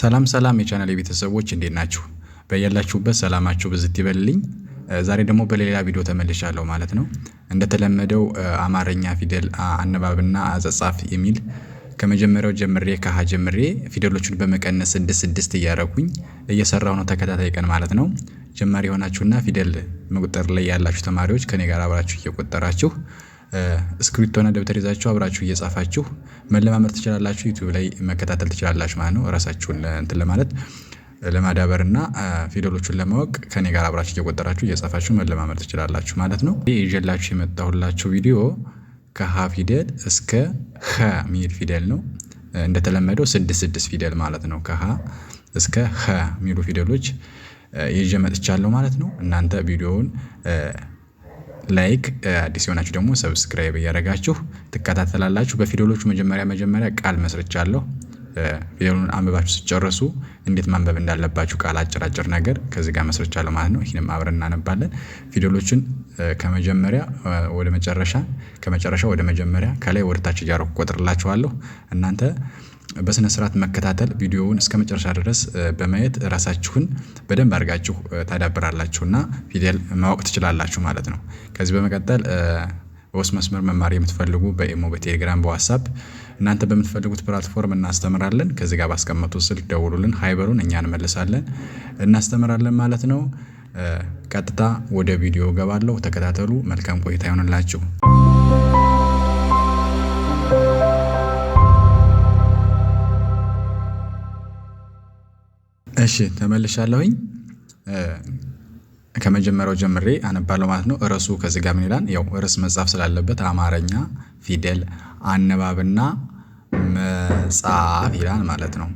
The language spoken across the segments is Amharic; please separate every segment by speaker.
Speaker 1: ሰላም ሰላም የቻናል የቤተሰቦች እንዴት ናችሁ? በያላችሁበት ሰላማችሁ ብዝት ይበልልኝ። ዛሬ ደግሞ በሌላ ቪዲዮ ተመልሻለሁ ማለት ነው። እንደተለመደው አማርኛ ፊደል አነባብና አጸጻፍ የሚል ከመጀመሪያው ጀምሬ ከሀ ጀምሬ ፊደሎቹን በመቀነስ ስድስት ስድስት እያረኩኝ እየሰራው ነው ተከታታይ ቀን ማለት ነው። ጀማሪ የሆናችሁና ፊደል መቁጠር ላይ ያላችሁ ተማሪዎች ከኔ ጋር አብራችሁ እየቆጠራችሁ እስክሪፕቶና ደብተር ይዛችሁ አብራችሁ እየጻፋችሁ መለማመር ትችላላችሁ። ዩቱብ ላይ መከታተል ትችላላችሁ ማለት ነው። ራሳችሁን እንትን ለማለት ለማዳበር እና ፊደሎቹን ለማወቅ ከኔ ጋር አብራችሁ እየቆጠራችሁ እየጻፋችሁ መለማመር ትችላላችሁ ማለት ነው። ይህ ይዤላችሁ የመጣሁላችሁ ቪዲዮ ከሀ ፊደል እስከ ኸ ሚል ፊደል ነው። እንደተለመደው ስድስት ስድስት ፊደል ማለት ነው። ከሀ እስከ ኸ ሚሉ ፊደሎች ይዤ መጥቻለሁ ማለት ነው። እናንተ ቪዲዮውን ላይክ፣ አዲስ የሆናችሁ ደግሞ ሰብስክራይብ እያደረጋችሁ ትከታተላላችሁ። በፊደሎቹ መጀመሪያ መጀመሪያ ቃል መስርቻለሁ። ፊደሉን አንብባችሁ ስጨርሱ እንዴት ማንበብ እንዳለባችሁ ቃል አጭር አጭር ነገር ከዚህ ጋር መስርቻለሁ ማለት ነው። ይህንም አብረን እናነባለን። ፊደሎችን ከመጀመሪያ ወደ መጨረሻ፣ ከመጨረሻ ወደ መጀመሪያ፣ ከላይ ወደታች ታች ቆጥርላችኋለሁ እናንተ በስነ ስርዓት መከታተል ቪዲዮውን እስከ መጨረሻ ድረስ በማየት ራሳችሁን በደንብ አድርጋችሁ ታዳብራላችሁና ፊደል ማወቅ ትችላላችሁ ማለት ነው። ከዚህ በመቀጠል በውስጥ መስመር መማር የምትፈልጉ በኢሞ፣ በቴሌግራም፣ በዋትሳፕ እናንተ በምትፈልጉት ፕላትፎርም እናስተምራለን። ከዚህ ጋር ባስቀመጡት ስልክ ደውሉልን፣ ሀይበሩን እኛ እንመልሳለን፣ እናስተምራለን ማለት ነው። ቀጥታ ወደ ቪዲዮ ገባለሁ። ተከታተሉ። መልካም ቆይታ ይሆንላችሁ። እሺ ተመልሻለሁኝ ከመጀመሪያው ጀምሬ አነባለሁ ማለት ነው። ርዕሱ ከዚህ ጋር ምን ይላል? ያው ርዕስ መጻፍ ስላለበት አማርኛ ፊደል አነባብና መጻፍ ይላል ማለት ነው።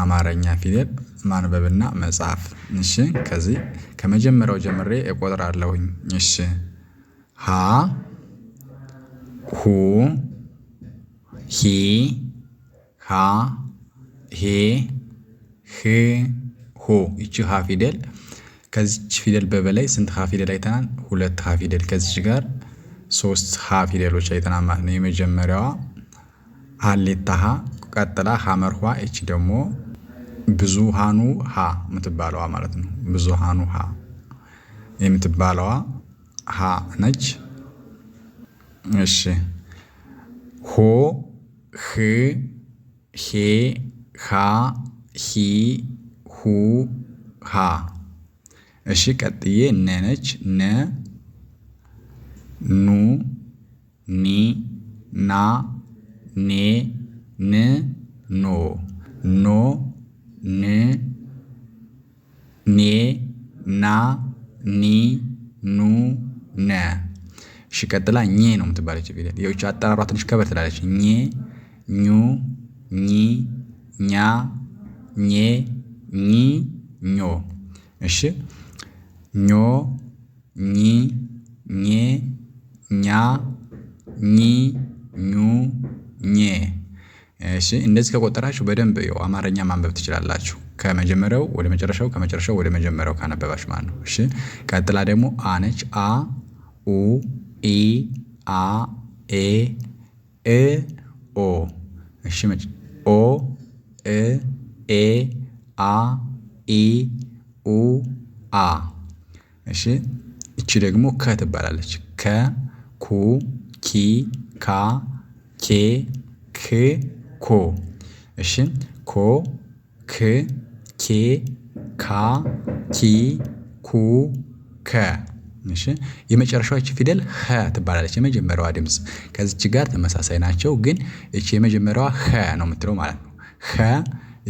Speaker 1: አማርኛ ፊደል ማንበብና መጻፍ። እሺ ከዚህ ከመጀመሪያው ጀምሬ እቆጥራለሁኝ። እሺ ሀ ሁ ሂ ሃ ሄ ህ ሆ ይቺ ሀ ፊደል ከዚች ፊደል በበላይ ስንት ሀ ፊደል አይተናል? ሁለት ሀ ፊደል ከዚች ጋር ሶስት ሀ ፊደሎች አይተናል ማለት ነው። የመጀመሪያዋ ሀሌታ ሀ፣ ቀጥላ ሀመርኋ ይቺ ደግሞ ብዙሃኑ ሀ የምትባለዋ ማለት ነው። ብዙሃኑ ሀ የምትባለዋ ሀ ነች። እሺ ሆ ህ ሄ ሃ ሂ ሁ ሃ። እሺ ቀጥዬ ነ ነች። ነ ኑ ኒ ና ኔ ን ኖ ኖ ን ኔ ና ኒ ኑ ነ። እሺ ቀጥላ ኘ ነው የምትባለች ፊደል የውጭ አጠራሯ ትንሽ ከበር ትላለች። ኘ ኙ ኚ ኛ ኜ ኚ ኞ። እሺ ኞ ኚ ኜ ኛ ኚ ኙ ኜ። እሺ እንደዚህ ከቆጠራችሁ በደንብ ያው አማርኛ ማንበብ ትችላላችሁ። ከመጀመሪያው ወደ መጨረሻው ከመጨረሻው ወደ መጀመሪያው ካነበባች ማለት ነው። እሺ ቀጥላ ደግሞ አነች አ ኡ ኢ አ ኤ እ ኦ። እሺ ኦ እ ኤ አ ኢ ኡ አ እሺ እቺ ደግሞ ከ ትባላለች። ከ ኩ ኪ ካ ኬ ክ ኮ እሺ ኮ ክ ኬ ካ ኪ ኩ ከ እሺ የመጨረሻዎች ፊደል ኸ ትባላለች። የመጀመሪያዋ ድምጽ ከዚች ጋር ተመሳሳይ ናቸው፣ ግን እቺ የመጀመሪያዋ ኸ ነው የምትለው ማለት ነው። ኸ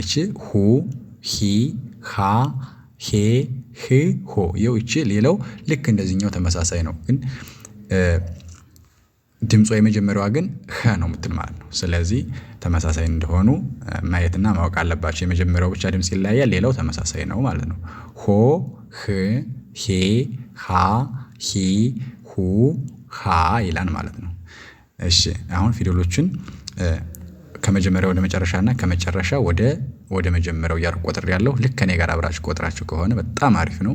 Speaker 1: እቺ ሁ ሂ ሃ ሄ ህ ሆ የው እቺ ሌላው ልክ እንደዚህኛው ተመሳሳይ ነው፣ ግን ድምጿ የመጀመሪያዋ ግን ኸ ነው የምትል ማለት ነው። ስለዚህ ተመሳሳይ እንደሆኑ ማየትና ማወቅ አለባቸው። የመጀመሪያው ብቻ ድምፅ ይለያያል፣ ሌላው ተመሳሳይ ነው ማለት ነው። ሆ ህ ሄ ሃ ሂ ሁ ሃ ይላን ማለት ነው። እሺ አሁን ፊደሎችን ከመጀመሪያ ወደ መጨረሻ እና ከመጨረሻ ወደ ወደ መጀመሪያው እያልኩ ቆጥር ያለው ልክ ከኔ ጋር አብራችሁ ቆጥራችሁ ከሆነ በጣም አሪፍ ነው።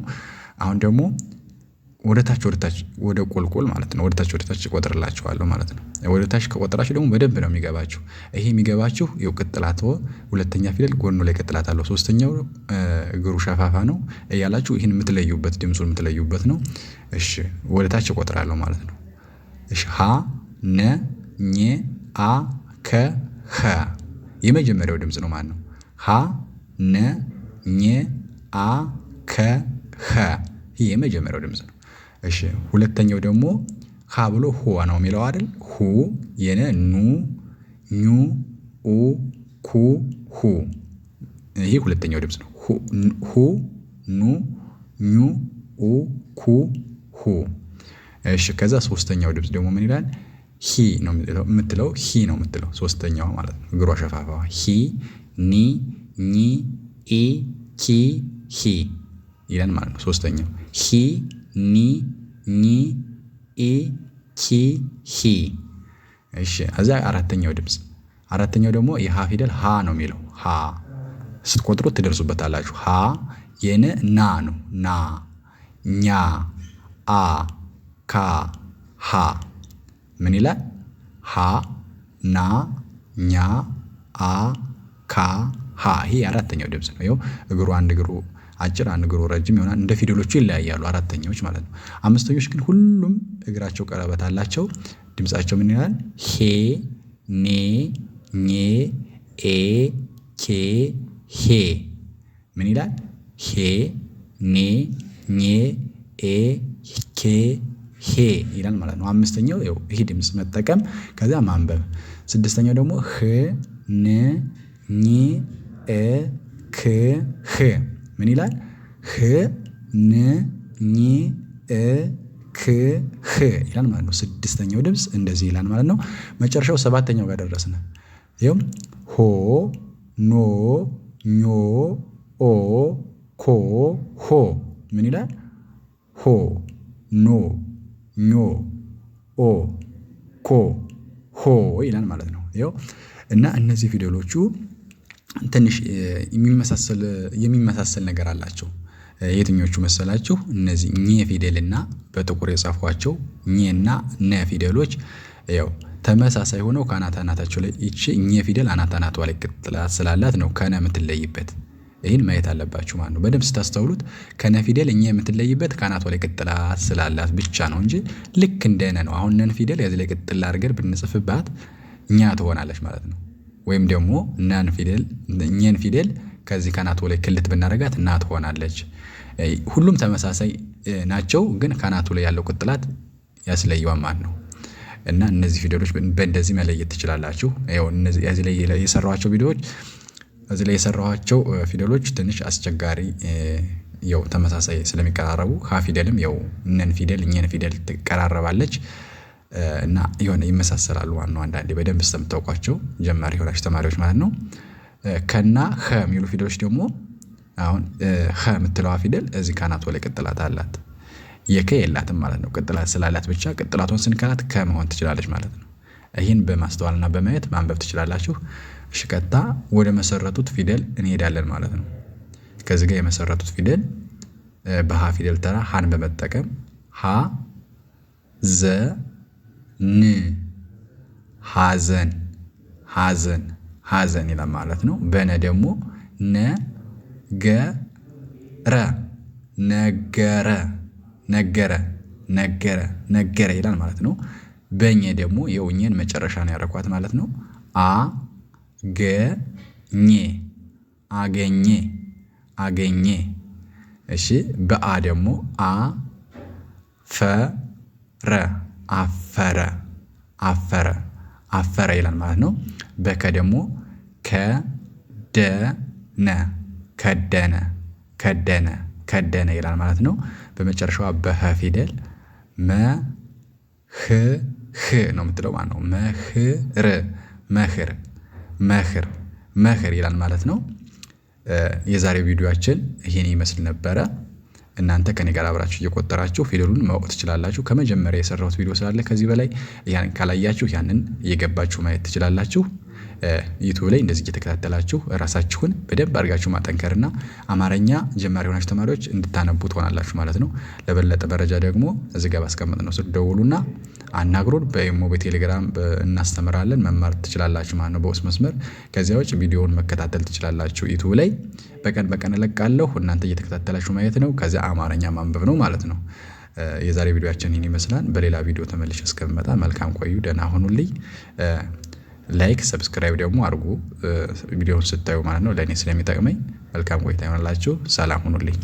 Speaker 1: አሁን ደግሞ ወደ ታች ወደ ታች ወደ ቁልቁል ማለት ነው። ወደ ታች ወደ ታች ማለት ነው። ወደ ታች ደግሞ በደንብ ነው የሚገባችሁ። ይሄ የሚገባችሁ ይኸው ቅጥላት ሁለተኛ ፊደል ጎኑ ላይ ቅጥላት አለው። ሶስተኛው እግሩ ሸፋፋ ነው እያላችሁ ይህን የምትለዩበት ድምፁን የምትለዩበት ነው። እሺ ወደ ታች እቆጥራለሁ ማለት ነው። እሺ ሀ ነ ኘ አ ከ ሀ የመጀመሪያው ድምፅ ነው ማለት ነው። ሀ ነ ኘ አ ከ ሀ ይህ የመጀመሪያው ድምፅ ነው። እሺ ሁለተኛው ደግሞ ሀ ብሎ ሁ ነው የሚለው አይደል? ሁ የነ ኑ ኙ ኡ ኩ ሁ ይህ ሁለተኛው ድምፅ ነው። ሁ ኑ ኙ ኡ ኩ ሁ እሺ ከዛ ሶስተኛው ድምፅ ደግሞ ምን ይላል? ሂ ነው የምትለው ሂ ነው የምትለው ሶስተኛዋ ማለት ነው። እግሯ ሸፋፋ ሂ ኒ ኒ ኢ ኪ ሂ ይለን ማለት ነው። ሶስተኛው ሂ ኒ ኒ ኢ ኪ ሂ። እሺ እዛ አራተኛው ድምፅ አራተኛው ደግሞ የሃ ፊደል ሃ ነው የሚለው ሃ ስትቆጥሩት ትደርሱበታላችሁ። ሃ የነ ና ነው ና ኛ አ ካ ሃ ምን ይላል? ሀ ና ኛ አ ካ ሀ። ይሄ አራተኛው ድምፅ ነው። ይኸው እግሩ አንድ እግሩ አጭር አንድ እግሩ ረጅም ይሆናል። እንደ ፊደሎቹ ይለያያሉ አራተኛዎች ማለት ነው። አምስተኞች ግን ሁሉም እግራቸው ቀለበት አላቸው። ድምፃቸው ምን ይላል? ሄ ኔ ኜ ኤ ኬ ሄ። ምን ይላል? ሄ ኔ ኜ ኤ ኬ ሄ ይላል ማለት ነው። አምስተኛው ው ይህ ድምፅ መጠቀም ከዚያ ማንበብ። ስድስተኛው ደግሞ ህ ን ኝ እ ክ ህ ምን ይላል? ህ ን ኝ እ ክ ህ ይላል ማለት ነው። ስድስተኛው ድምፅ እንደዚህ ይላል ማለት ነው። መጨረሻው ሰባተኛው ጋር ደረስን። ይኸውም ሆ ኖ ኞ ኦ ኮ ሆ ምን ይላል? ሆ ኖ ኞ ኦ ኮ ሆ ይላል ማለት ነው። ይኸው እና እነዚህ ፊደሎቹ ትንሽ የሚመሳሰል ነገር አላቸው። የትኞቹ መሰላችሁ? እነዚህ ኘ ፊደልና በጥቁር የጻፏቸው ኘና ነ ፊደሎች ያው ተመሳሳይ ሆነው ከአናት አናታቸው ላይ ይቺ ኘ ፊደል አናት አናቷ ላይ ቅጥላት ስላላት ነው ከነ የምትለይበት። ይህን ማየት አለባችሁ ማለት ነው። በደንብ ስታስተውሉት ከነ ፊደል የምትለይበት ከአናቷ ላይ ቅጥላ ስላላት ብቻ ነው እንጂ ልክ እንደነ ነው። አሁን ነን ፊደል ያዚ ላይ ቅጥል አድርገን ብንጽፍባት እኛ ትሆናለች ማለት ነው። ወይም ደግሞ እናን ፊደል ፊደል ከዚህ ከአናቷ ላይ ክልት ብናደርጋት እና ትሆናለች። ሁሉም ተመሳሳይ ናቸው፣ ግን ከአናቱ ላይ ያለው ቅጥላት ያስለየዋል ማለት ነው። እና እነዚህ ፊደሎች በእንደዚህ መለየት ትችላላችሁ። ያው እነዚህ ላይ የሰሯቸው ቪዲዮዎች እዚህ ላይ የሰራኋቸው ፊደሎች ትንሽ አስቸጋሪ ያው ተመሳሳይ ስለሚቀራረቡ ሀ ፊደልም ያው እነን ፊደል እኛን ፊደል ትቀራረባለች እና የሆነ ይመሳሰላሉ ዋና ነው። አንዳንዴ በደንብ ስለምታውቋቸው ጀማሪ የሆናችሁ ተማሪዎች ማለት ነው። ከና ኸ የሚሉ ፊደሎች ደግሞ አሁን ኸ የምትለዋ ፊደል እዚህ ካናት ላይ ቅጥላት አላት። የከ የላትም ማለት ነው። ቅጥላት ስላላት ብቻ ቅጥላቷን ስንካላት ከመሆን ትችላለች ማለት ነው ይህን በማስተዋልና በማየት ማንበብ ትችላላችሁ። እሺ ቀጥታ ወደ መሰረቱት ፊደል እንሄዳለን ማለት ነው። ከዚ ጋር የመሰረቱት ፊደል በሀ ፊደል ተራ ሀን በመጠቀም ሀ ዘ ን ሀዘን ሀዘን ሀዘን ይላል ማለት ነው። በነ ደግሞ ነ ገ ረ ነገረ ነገረ ነገረ ነገረ ይላል ማለት ነው። በኘ ደግሞ የውኘን መጨረሻ ነው ያረኳት ማለት ነው። አ ገ ኘ አገኘ አገኘ። እሺ በአ ደግሞ አ ፈ ረ አፈረ አፈረ አፈረ ይላል ማለት ነው። በከ ደግሞ ከደነ ከደነ ከደነ ከደነ ይላል ማለት ነው። በመጨረሻዋ በሀ ፊደል መ ህ ህ ነው የምትለው ማለት ነው። መህር መህር መህር መህር ይላል ማለት ነው። የዛሬው ቪዲዮአችን ይህን ይመስል ነበረ። እናንተ ከኔ ጋር አብራችሁ እየቆጠራችሁ ፊደሉን ማወቅ ትችላላችሁ። ከመጀመሪያ የሰራሁት ቪዲዮ ስላለ ከዚህ በላይ ያን ካላያችሁ ያንን እየገባችሁ ማየት ትችላላችሁ። ዩቱብ ላይ እንደዚህ እየተከታተላችሁ ራሳችሁን በደንብ አድርጋችሁ ማጠንከርና አማርኛ ጀማሪ የሆናችሁ ተማሪዎች እንድታነቡ ትሆናላችሁ ማለት ነው። ለበለጠ መረጃ ደግሞ እዚህ ጋር ባስቀመጥነው ስልክ ደውሉና አናግሩን በኢሞ በቴሌግራም እናስተምራለን መማር ትችላላችሁ ማለት ነው። በውስጥ መስመር ከዚያ ውጭ ቪዲዮውን መከታተል ትችላላችሁ ዩቲዩብ ላይ በቀን በቀን እለቃለሁ እናንተ እየተከታተላችሁ ማየት ነው። ከዚያ አማርኛ ማንበብ ነው ማለት ነው። የዛሬ ቪዲዮአችን ይህን ይመስላል። በሌላ ቪዲዮ ተመልሼ እስከምመጣ መልካም ቆዩ። ደህና ሆኑልኝ። ላይክ ሰብስክራይብ ደግሞ አድርጉ ቪዲዮውን ስታዩ ማለት ነው፣ ለእኔ ስለሚጠቅመኝ። መልካም ቆይታ ይሆንላችሁ። ሰላም ሁኑልኝ።